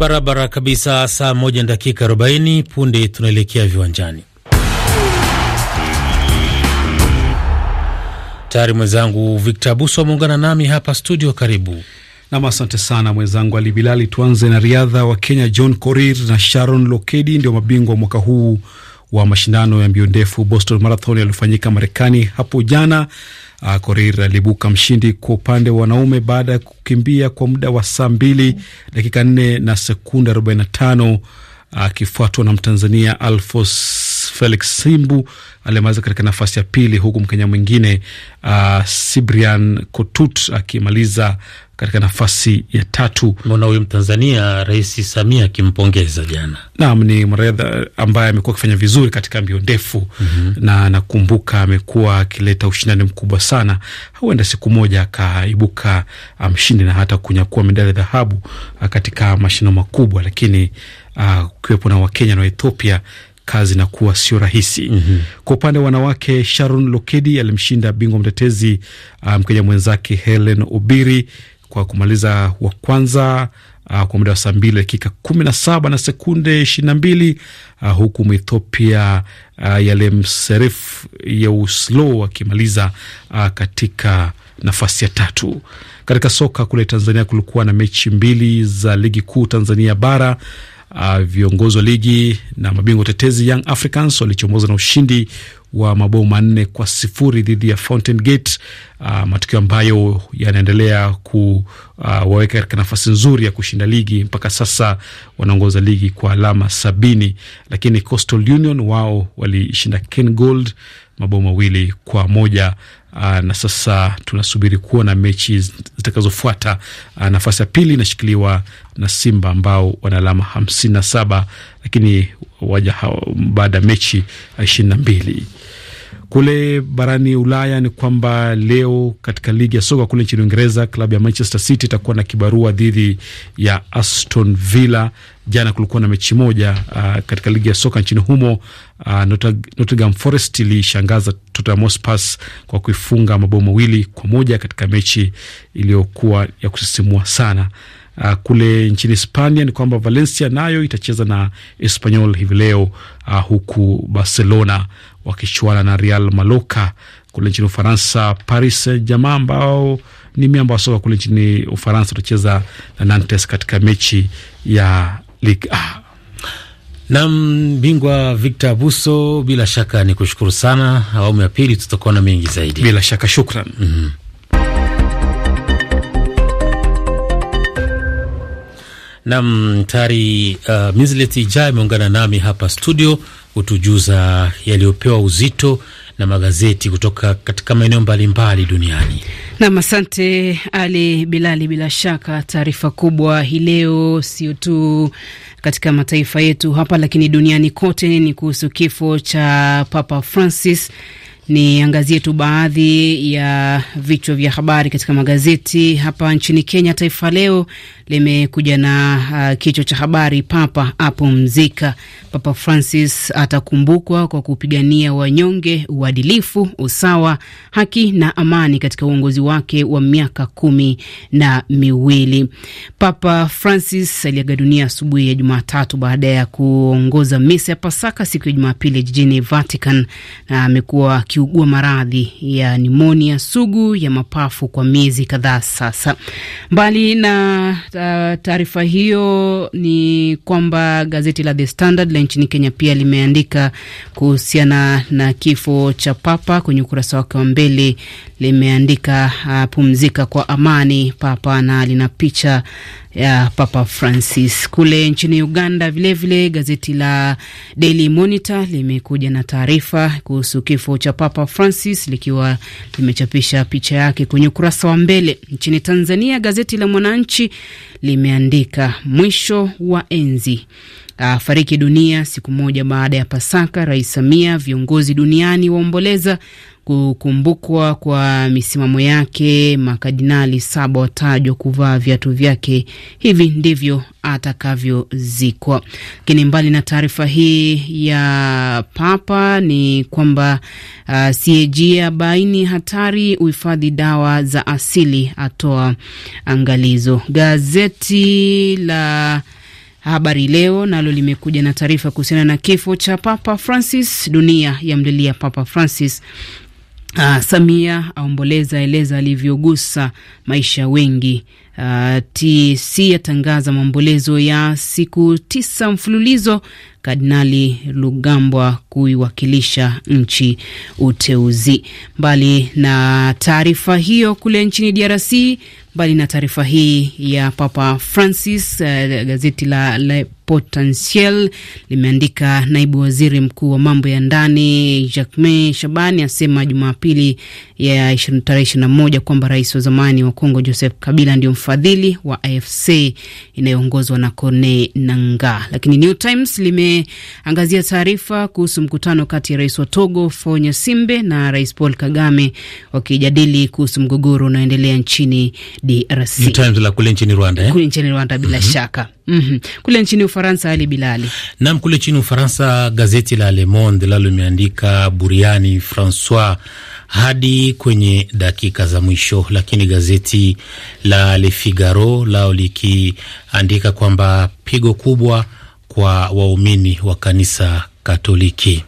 Barabara kabisa, saa moja na dakika 40 punde tunaelekea viwanjani. Tayari mwenzangu Victor Abuso ameungana nami hapa studio, karibu nam. Asante sana mwenzangu Ali Bilali. Tuanze na riadha. Wa Kenya John Korir na Sharon Lokedi ndio mabingwa mwaka huu wa mashindano ya mbio ndefu Boston Marathon yaliyofanyika Marekani hapo jana. Uh, Korir aliibuka mshindi kwa upande wa wanaume baada ya kukimbia kwa muda wa saa mbili dakika nne na sekunde 45 akifuatwa uh, na Mtanzania Alfos Felix Simbu aliyemaliza katika nafasi ya pili, huku Mkenya mwingine uh, ah, Sibrian Kotut akimaliza katika nafasi ya tatu. Mbona huyu Mtanzania Rais Samia akimpongeza jana? Naam, ni mwanariadha ambaye amekuwa akifanya vizuri katika mbio ndefu mm -hmm. na nakumbuka amekuwa akileta ushindani mkubwa sana, huenda siku moja akaibuka mshindi na hata kunyakua medali ya dhahabu ah, katika mashindano makubwa, lakini ah, ukiwepo uh, na Wakenya na Waethiopia kazi na kuwa sio rahisi. mm -hmm. Kwa upande wa wanawake, Sharon Lokedi alimshinda bingwa mtetezi ah, mkenya um, mwenzake Helen Obiri kwa kumaliza wa kwanza uh, kwa muda wa saa mbili dakika kumi na saba na sekunde ishirini na mbili uh, huku Mwethiopia uh, ah, Yalem Serif Yeuslow akimaliza uh, katika nafasi ya tatu. Katika soka kule Tanzania kulikuwa na mechi mbili za ligi kuu Tanzania bara Uh, viongozi wa ligi na mabingwa tetezi Young Africans walichomoza na ushindi wa mabao manne kwa sifuri dhidi ya Fountain Gate, uh, matukio ambayo yanaendelea kuwaweka ah, uh, katika nafasi nzuri ya kushinda ligi. Mpaka sasa wanaongoza ligi kwa alama sabini, lakini Coastal Union wao walishinda Ken Gold mabao mawili kwa moja. Aa, ah, na sasa tunasubiri kuona mechi zitakazofuata. Ah, nafasi ya pili inashikiliwa na Simba ambao wana alama hamsini na saba lakini waja baada ya mechi ishirini na mbili. Kule barani Ulaya ni kwamba leo katika ligi ya soka kule nchini Uingereza, klabu ya Manchester City itakuwa na kibarua dhidi ya Aston Villa. Jana kulikuwa na mechi moja uh, katika ligi ya soka nchini humo uh, Nottingham Forest ilishangaza Tottenham Hotspur kwa kuifunga mabao mawili kwa moja katika mechi iliyokuwa ya kusisimua sana. Uh, kule nchini Hispania ni kwamba Valencia nayo itacheza na Espanyol hivi leo uh, huku Barcelona wakichuana na Real Maloka kule nchini Ufaransa. Paris Saint-Germain ambao ni miamba wa soka kule nchini Ufaransa watacheza na Nantes katika mechi ya Ligue A. Nam bingwa Victor Abuso, bila shaka ni kushukuru sana. Awamu ya pili tutakuwa na mengi zaidi, bila shaka. Shukran. mm -hmm. Nam tayari uh, Mislet Ija ameungana nami hapa studio kutujuza yaliyopewa uzito na magazeti kutoka katika maeneo mbalimbali duniani. Nam, asante Ali Bilali. Bila shaka taarifa kubwa hii leo sio tu katika mataifa yetu hapa, lakini duniani kote ni kuhusu kifo cha Papa Francis Niangazie tu baadhi ya vichwa vya habari katika magazeti hapa nchini Kenya. Taifa Leo limekuja na uh, kichwa cha habari, Papa hapo mzika. Papa Francis atakumbukwa kwa kupigania wanyonge, uadilifu, usawa, haki na amani katika uongozi wake wa miaka kumi na miwili. Papa Francis aliaga dunia asubuhi ya Jumatatu baada ya kuongoza misa ya Pasaka siku ya Jumapili jijini Vatican na amekuwa akiugua maradhi ya nimonia sugu ya mapafu kwa miezi kadhaa sasa. Mbali na taarifa hiyo, ni kwamba gazeti la The Standard la nchini Kenya pia limeandika kuhusiana na kifo cha Papa. Kwenye ukurasa wake wa mbele limeandika ah, pumzika kwa amani Papa, na lina picha ya Papa Francis. Kule nchini Uganda vilevile vile, gazeti la Daily Monitor limekuja na taarifa kuhusu kifo cha Papa Francis likiwa limechapisha picha yake kwenye ukurasa wa mbele. Nchini Tanzania gazeti la Mwananchi limeandika mwisho wa enzi afariki dunia siku moja baada ya Pasaka. Rais Samia, viongozi duniani waomboleza kukumbukwa kwa misimamo yake. makadinali saba watajwa kuvaa viatu vyake. Hivi ndivyo atakavyozikwa. Lakini mbali na taarifa hii ya Papa ni kwamba uh, CAG abaini hatari uhifadhi dawa za asili, atoa angalizo. Gazeti la Habari Leo nalo limekuja na taarifa kuhusiana na kifo cha Papa Francis. Dunia ya mlilia Papa Francis. Uh, Samia aomboleza, eleza alivyogusa maisha wengi. Uh, ah, TC yatangaza maombolezo ya siku tisa mfululizo Kardinali Lugambwa kuiwakilisha nchi uteuzi. Mbali na taarifa hiyo kule nchini DRC, mbali na taarifa hii ya Papa Francis, uh, gazeti la Le Potentiel limeandika naibu waziri mkuu wa mambo ya ndani Jacmain Shabani asema Jumapili ya tarehe ishirini na moja kwamba rais wa zamani wa Kongo Joseph Kabila ndio mfadhili wa AFC inayoongozwa na Corne Nanga, lakini New Times lime tumeangazia taarifa kuhusu mkutano kati ya rais wa Togo Fonya Simbe na rais Paul Kagame wakijadili kuhusu mgogoro unaoendelea nchini DRC kule nchini Rwanda, eh? kule nchini Rwanda bila mm -hmm. shaka mm -hmm. kule nchini Ufaransa Ali Bilali nam kule nchini Ufaransa gazeti la Le Monde lalo limeandika buriani Francois hadi kwenye dakika za mwisho, lakini gazeti la Le Figaro lao likiandika kwamba pigo kubwa kwa waumini wa kanisa Katoliki.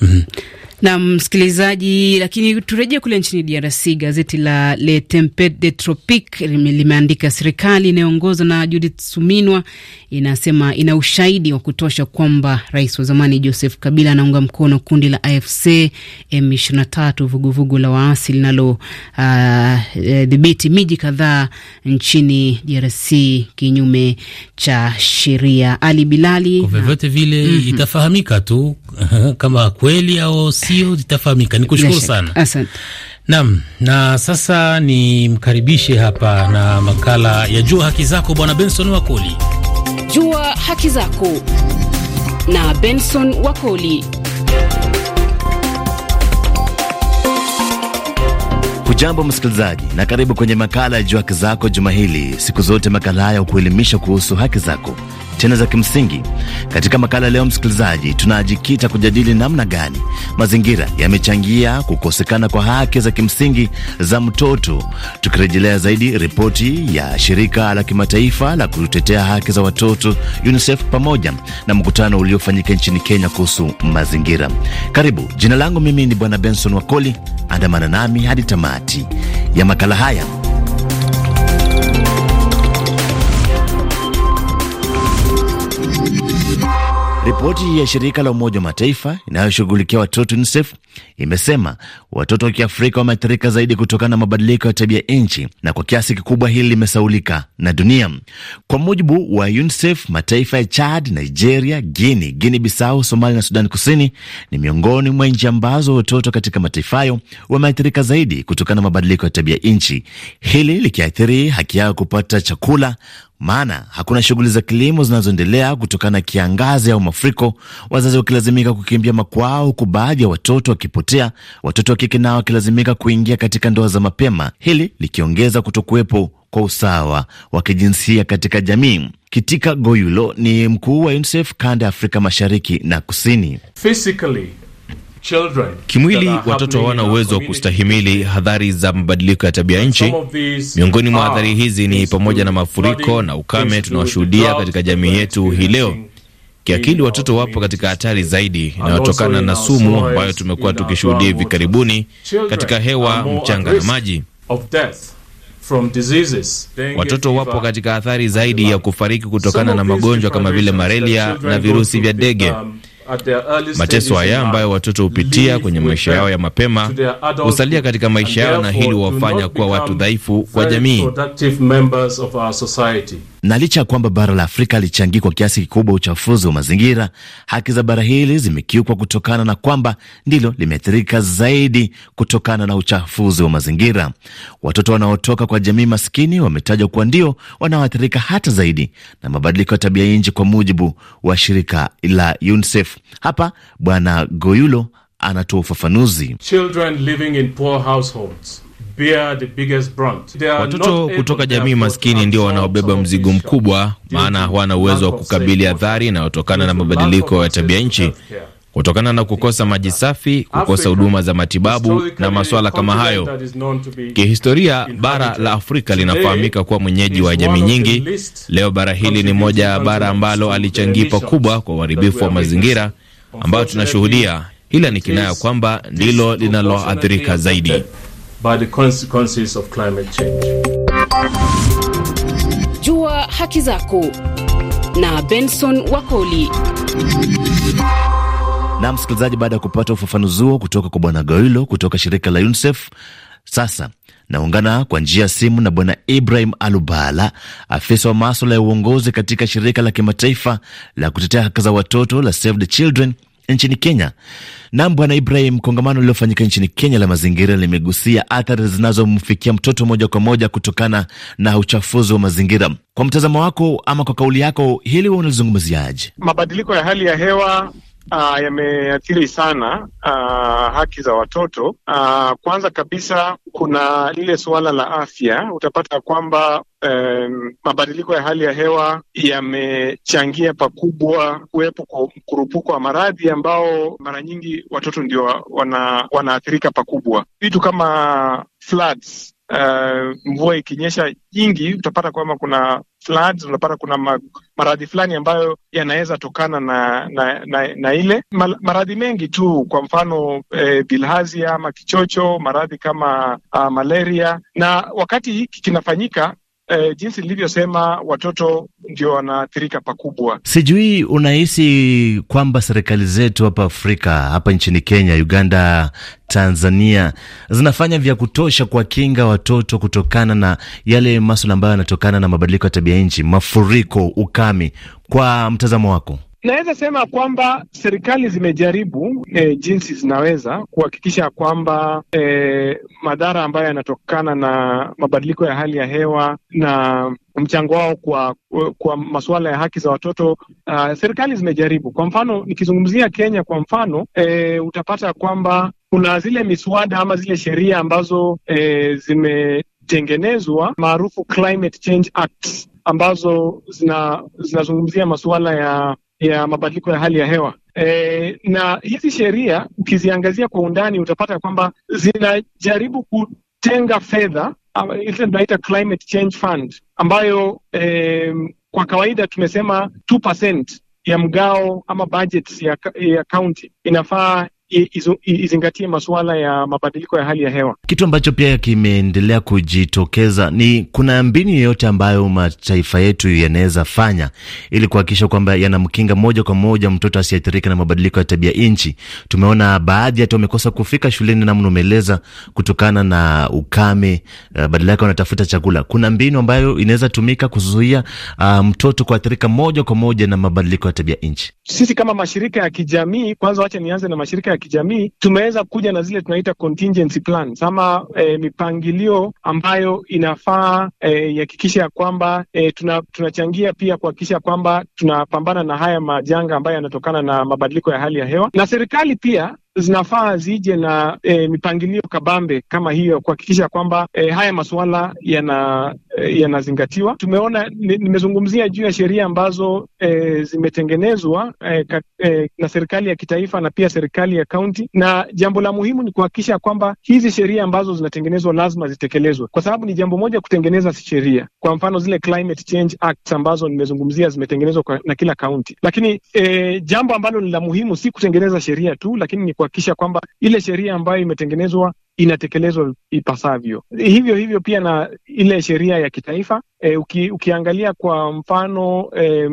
Mm -hmm na msikilizaji, lakini turejee kule nchini DRC. Gazeti la Le Tempete de Tropique limeandika serikali inayoongozwa na Judith Suminwa inasema ina ushahidi wa kutosha kwamba rais wa zamani Joseph Kabila anaunga mkono kundi la AFC M23, vuguvugu la waasi linalo uh, eh, dhibiti miji kadhaa nchini DRC kinyume cha sheria. Ali Bilali, kwa vyovyote vile mm -hmm. itafahamika tu kama kweli au si tukio Ni kushukuru sana, nam na sasa nimkaribishe hapa na makala ya Jua Haki Zako, Bwana Benson Wakoli. Jua Haki Zako na Benson Wakoli. Hujambo msikilizaji, na karibu kwenye makala ya Jua Haki Zako juma hili. Siku zote makala haya hukuelimisha kuhusu haki zako tena za kimsingi. Katika makala leo, msikilizaji, tunajikita kujadili namna gani mazingira yamechangia kukosekana kwa haki za kimsingi za mtoto, tukirejelea zaidi ripoti ya shirika la kimataifa la kutetea haki za watoto UNICEF pamoja na mkutano uliofanyika nchini Kenya kuhusu mazingira. Karibu, jina langu mimi ni Bwana Benson Wakoli. Andamana nami hadi tamati ya makala haya. Ripoti ya shirika la Umoja wa Mataifa inayoshughulikia watoto UNICEF imesema watoto wa Kiafrika wameathirika zaidi kutokana na mabadiliko ya tabia nchi, na kwa kiasi kikubwa hili limesaulika na dunia. Kwa mujibu wa UNICEF, mataifa ya Chad, Nigeria, Guini, Guini Bisau, Somalia na Sudani Kusini ni miongoni mwa nchi ambazo watoto katika mataifa hayo wameathirika zaidi kutokana na mabadiliko ya tabia nchi, hili likiathiri haki yao kupata chakula maana hakuna shughuli za kilimo zinazoendelea kutokana na kiangazi au mafuriko, wazazi wakilazimika kukimbia makwao, huku baadhi ya watoto wa wakipotea, watoto wa kike nao wakilazimika kuingia katika ndoa za mapema, hili likiongeza kutokuwepo kwa usawa wa kijinsia katika jamii. Kitika Goyulo ni mkuu wa UNICEF kanda ya Afrika Mashariki na Kusini. Physically. Kimwili, watoto hawana uwezo wa kustahimili hadhari za mabadiliko ya tabia nchi. Miongoni mwa hadhari hizi ni pamoja na mafuriko na ukame tunaoshuhudia katika jamii yetu hii leo. Kiakili watoto wapo katika hatari zaidi inayotokana na sumu ambayo tumekuwa tukishuhudia hivi karibuni katika hewa, mchanga na maji. Watoto wapo katika athari zaidi ya kufariki kutokana na magonjwa kama vile malaria na virusi vya dege. Mateso haya ambayo watoto hupitia kwenye maisha yao ya mapema husalia katika maisha yao, na hili huwafanya kuwa watu dhaifu kwa jamii. Na licha ya kwamba bara la Afrika lichangii kwa kiasi kikubwa uchafuzi wa mazingira, haki za bara hili zimekiukwa kutokana na kwamba ndilo limeathirika zaidi kutokana na uchafuzi wa mazingira. Watoto wanaotoka kwa jamii maskini wametajwa kuwa ndio wanaoathirika hata zaidi na mabadiliko ya tabia nchi, kwa mujibu wa shirika la UNICEF. Hapa Bwana Goyulo anatoa ufafanuzi. Children living in poor households Watoto kutoka jamii maskini ndio wanaobeba mzigo mkubwa, maana hawana uwezo wa kukabili adhari inayotokana na mabadiliko ya tabia nchi kutokana na kukosa maji safi, kukosa huduma za matibabu na masuala kama hayo. Kihistoria, bara la Afrika linafahamika kuwa mwenyeji wa jamii nyingi. Leo bara hili ni moja ya bara ambalo alichangia pakubwa kwa uharibifu wa mazingira ambayo tunashuhudia, ila ni kinaya kwamba ndilo linaloathirika zaidi by the consequences of climate change. Jua haki zako na Benson Wakoli. Na msikilizaji, baada ya kupata ufafanuzi kutoka kwa Bwana Gailo kutoka shirika la UNICEF, sasa naungana kwa njia ya simu na Bwana Ibrahim Alubala, afisa wa maswala ya uongozi katika shirika la kimataifa la kutetea haki za watoto la Save the Children nchini Kenya. Nam, Bwana Ibrahim, kongamano lililofanyika nchini Kenya la mazingira limegusia athari zinazomfikia mtoto moja kwa moja kutokana na uchafuzi wa mazingira. Kwa mtazamo wako ama kwa kauli yako, hili wewe unalizungumziaje? Mabadiliko ya hali ya hewa uh, yameathiri sana uh, haki za watoto uh, kwanza kabisa kuna lile suala la afya. Utapata kwamba um, mabadiliko ya hali ya hewa yamechangia pakubwa kuwepo kwa mkurupuko wa maradhi ambao mara nyingi watoto ndio wanaathirika wana pakubwa. Vitu kama floods uh, mvua ikinyesha nyingi utapata kwamba kuna floods, utapata kuna ma, maradhi fulani ambayo yanaweza tokana na na, na na ile maradhi mengi tu, kwa mfano e, eh, bilhazia ama kichocho, maradhi kama a, ah, malaria. Na wakati hiki kinafanyika E, jinsi nilivyosema watoto ndio wanaathirika pakubwa. Sijui unahisi kwamba serikali zetu hapa Afrika, hapa nchini Kenya, Uganda, Tanzania zinafanya vya kutosha kuwakinga watoto kutokana na yale maswala ambayo yanatokana na mabadiliko ya tabia nchi, mafuriko, ukame, kwa mtazamo wako? Naweza sema kwamba serikali zimejaribu e, jinsi zinaweza kuhakikisha kwamba e, madhara ambayo yanatokana na mabadiliko ya hali ya hewa na mchango wao kwa kwa masuala ya haki za watoto uh, serikali zimejaribu. Kwa mfano nikizungumzia Kenya kwa mfano e, utapata kwamba kuna zile miswada ama zile sheria ambazo e, zimetengenezwa maarufu Climate Change Act ambazo zina, zinazungumzia masuala ya ya mabadiliko ya hali ya hewa. E, na hizi sheria ukiziangazia kwa undani utapata kwamba zinajaribu kutenga fedha ile tunaita climate change fund ambayo e, kwa kawaida tumesema 2% ya mgao ama budget ya, ya county inafaa izingatie masuala ya mabadiliko ya hali ya hewa. Kitu ambacho pia kimeendelea kujitokeza ni kuna mbinu yoyote ambayo mataifa yetu yanaweza fanya ili kuhakikisha kwamba yanamkinga moja kwa moja mtoto asiathirike na mabadiliko ya tabia nchi. Tumeona baadhi hata wamekosa kufika shuleni, namna umeeleza, kutokana na ukame, eh, badala yake wanatafuta chakula. Kuna mbinu ambayo inaweza tumika kuzuia uh, mtoto kuathirika moja kwa moja na mabadiliko ya tabia nchi? Sisi kama mashirika ya kijamii, kwanza wacha nianze na mashirika ya kijamii, tumeweza kuja na zile tunaita contingency plans ama e, mipangilio ambayo inafaa eh, ihakikisha ya kwamba e, tunachangia pia kuhakikisha kwamba tunapambana na haya majanga ambayo yanatokana na mabadiliko ya hali ya hewa, na serikali pia zinafaa zije na e, mipangilio kabambe kama hiyo kuhakikisha kwamba e, haya masuala yana eh, yanazingatiwa. Tumeona nimezungumzia juu ya sheria ambazo e, zimetengenezwa e, ka, e, na serikali ya kitaifa na pia serikali ya kaunti, na jambo la muhimu ni kuhakikisha kwamba hizi sheria ambazo zinatengenezwa lazima zitekelezwe, kwa sababu ni jambo moja kutengeneza sheria, kwa mfano zile Climate Change Acts ambazo nimezungumzia zimetengenezwa na kila kaunti, lakini e, jambo ambalo ni la muhimu si kutengeneza sheria tu, lakini ni kwa kuhakikisha kwamba ile sheria ambayo imetengenezwa inatekelezwa ipasavyo. Hivyo hivyo pia na ile sheria ya kitaifa e, uki, ukiangalia kwa mfano e,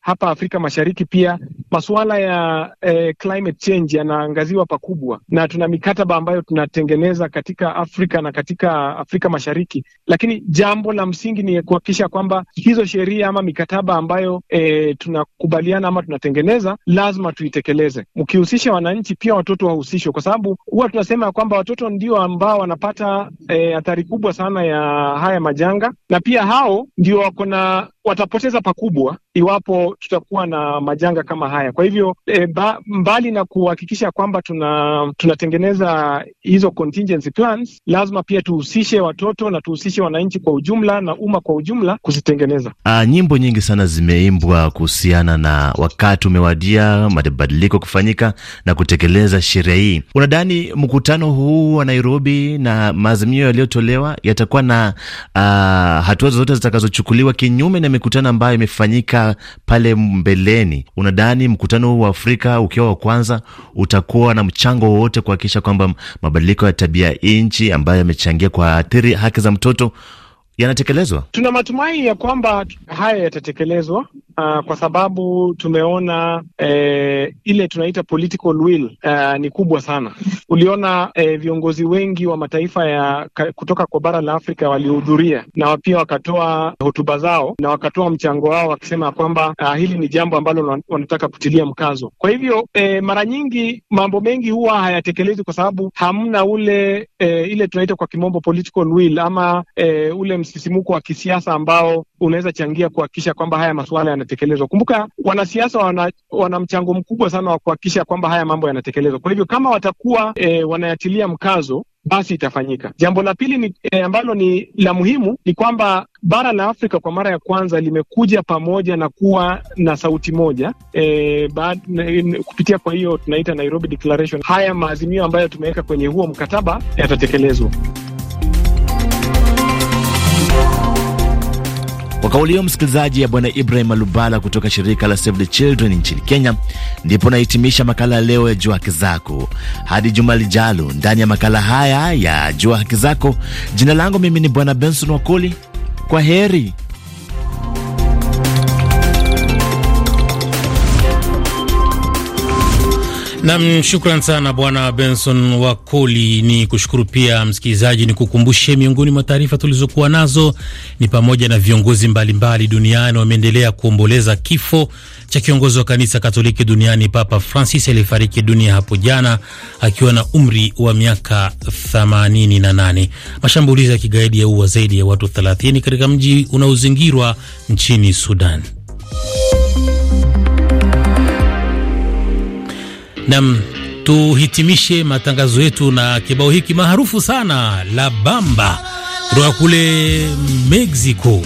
hapa Afrika Mashariki pia masuala ya e, climate change yanaangaziwa pakubwa, na tuna mikataba ambayo tunatengeneza katika Afrika na katika Afrika Mashariki, lakini jambo la msingi ni kuhakikisha kwamba hizo sheria ama mikataba ambayo e, tunakubaliana ama tunatengeneza lazima tuitekeleze, mkihusisha wananchi pia, watoto wahusishwe, kwa sababu huwa tunasema kwamba watoto ndio ndio ambao wanapata hatari eh, e, kubwa sana ya haya majanga, na pia hao ndio wako na watapoteza pakubwa iwapo tutakuwa na majanga kama haya. Kwa hivyo e, ba, mbali na kuhakikisha kwamba tuna tunatengeneza hizo contingency plans, lazima pia tuhusishe watoto na tuhusishe wananchi kwa ujumla na umma kwa ujumla kuzitengeneza. Aa, ah, nyimbo nyingi sana zimeimbwa kuhusiana na wakati umewadia mabadiliko kufanyika na kutekeleza sheria hii. Unadhani mkutano huu wa Nairobi na maazimio yaliyotolewa yatakuwa na uh, hatua zozote zitakazochukuliwa kinyume na mikutano ambayo imefanyika pale mbeleni, unadhani mkutano huu wa Afrika ukiwa wa kwanza utakuwa na mchango wowote kuhakikisha kwamba mabadiliko ya tabia nchi ambayo yamechangia kuathiri haki za mtoto yanatekelezwa? Tuna matumaini ya kwamba haya yatatekelezwa uh, kwa sababu tumeona eh, ile tunaita political will uh, ni kubwa sana. Uliona eh, viongozi wengi wa mataifa ya kutoka kwa bara la Afrika walihudhuria na pia wakatoa hotuba zao na wakatoa mchango wao wakisema kwamba uh, hili ni jambo ambalo wanataka kutilia mkazo. Kwa hivyo eh, mara nyingi mambo mengi huwa hayatekelezwi kwa sababu hamna ule eh, ile tunaita kwa kimombo political will ama eh, ule msisimuko wa kisiasa ambao unaweza changia kuhakikisha kwamba haya masuala yanatekelezwa. Kumbuka wanasiasa wana, wana mchango mkubwa sana wa kuhakikisha kwamba haya mambo yanatekelezwa. Kwa hivyo kama watakuwa e, wanayatilia mkazo basi itafanyika. Jambo la pili ni e, ambalo ni la muhimu ni kwamba bara la Afrika kwa mara ya kwanza limekuja pamoja na kuwa na sauti moja e, baad, n, kupitia kwa hiyo tunaita Nairobi Declaration. Haya maazimio ambayo tumeweka kwenye huo mkataba yatatekelezwa. Kwa kauli hiyo msikilizaji, ya Bwana Ibrahim Alubala kutoka shirika la Save the Children nchini Kenya, ndipo nahitimisha makala leo ya Jua Haki Zako. Hadi juma lijalo, ndani ya makala haya ya Jua Haki Zako, jina langu mimi ni Bwana Benson Wakoli. Kwa heri. Nam, shukran sana Bwana Benson Wakoli. Ni kushukuru pia msikilizaji, ni kukumbushe miongoni mwa taarifa tulizokuwa nazo ni pamoja na viongozi mbalimbali duniani wameendelea kuomboleza kifo cha kiongozi wa kanisa Katoliki duniani Papa Francis aliyefariki dunia hapo jana akiwa na umri wa miaka 88. Mashambulizi ya kigaidi yaua zaidi ya watu 30 katika mji unaozingirwa nchini Sudan. Nam, tuhitimishe matangazo yetu na kibao hiki maarufu sana la bamba kutoka kule Mexico.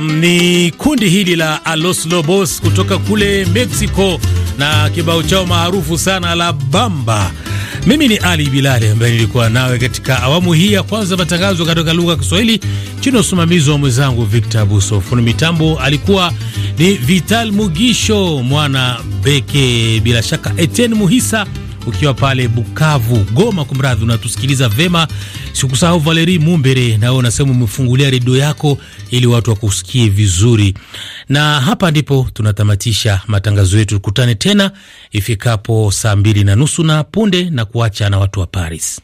Naam, ni kundi hili la Alos Lobos kutoka kule Mexico na kibao chao maarufu sana la Bamba. Mimi ni Ali Bilali ambaye nilikuwa nawe katika awamu hii ya kwanza matangazo katika lugha ya Kiswahili chini ya usimamizi wa mwenzangu Victor Buso. Fundi mitambo alikuwa ni Vital Mugisho mwana Beke, bila shaka Etienne Muhisa ukiwa pale Bukavu, Goma, kumradhi, unatusikiliza vema. Sikusahau Valeri Mumbere, nawe unasema umefungulia redio yako ili watu wakusikie vizuri. Na hapa ndipo tunatamatisha matangazo yetu, tukutane tena ifikapo saa mbili na nusu na punde na kuacha na watu wa Paris.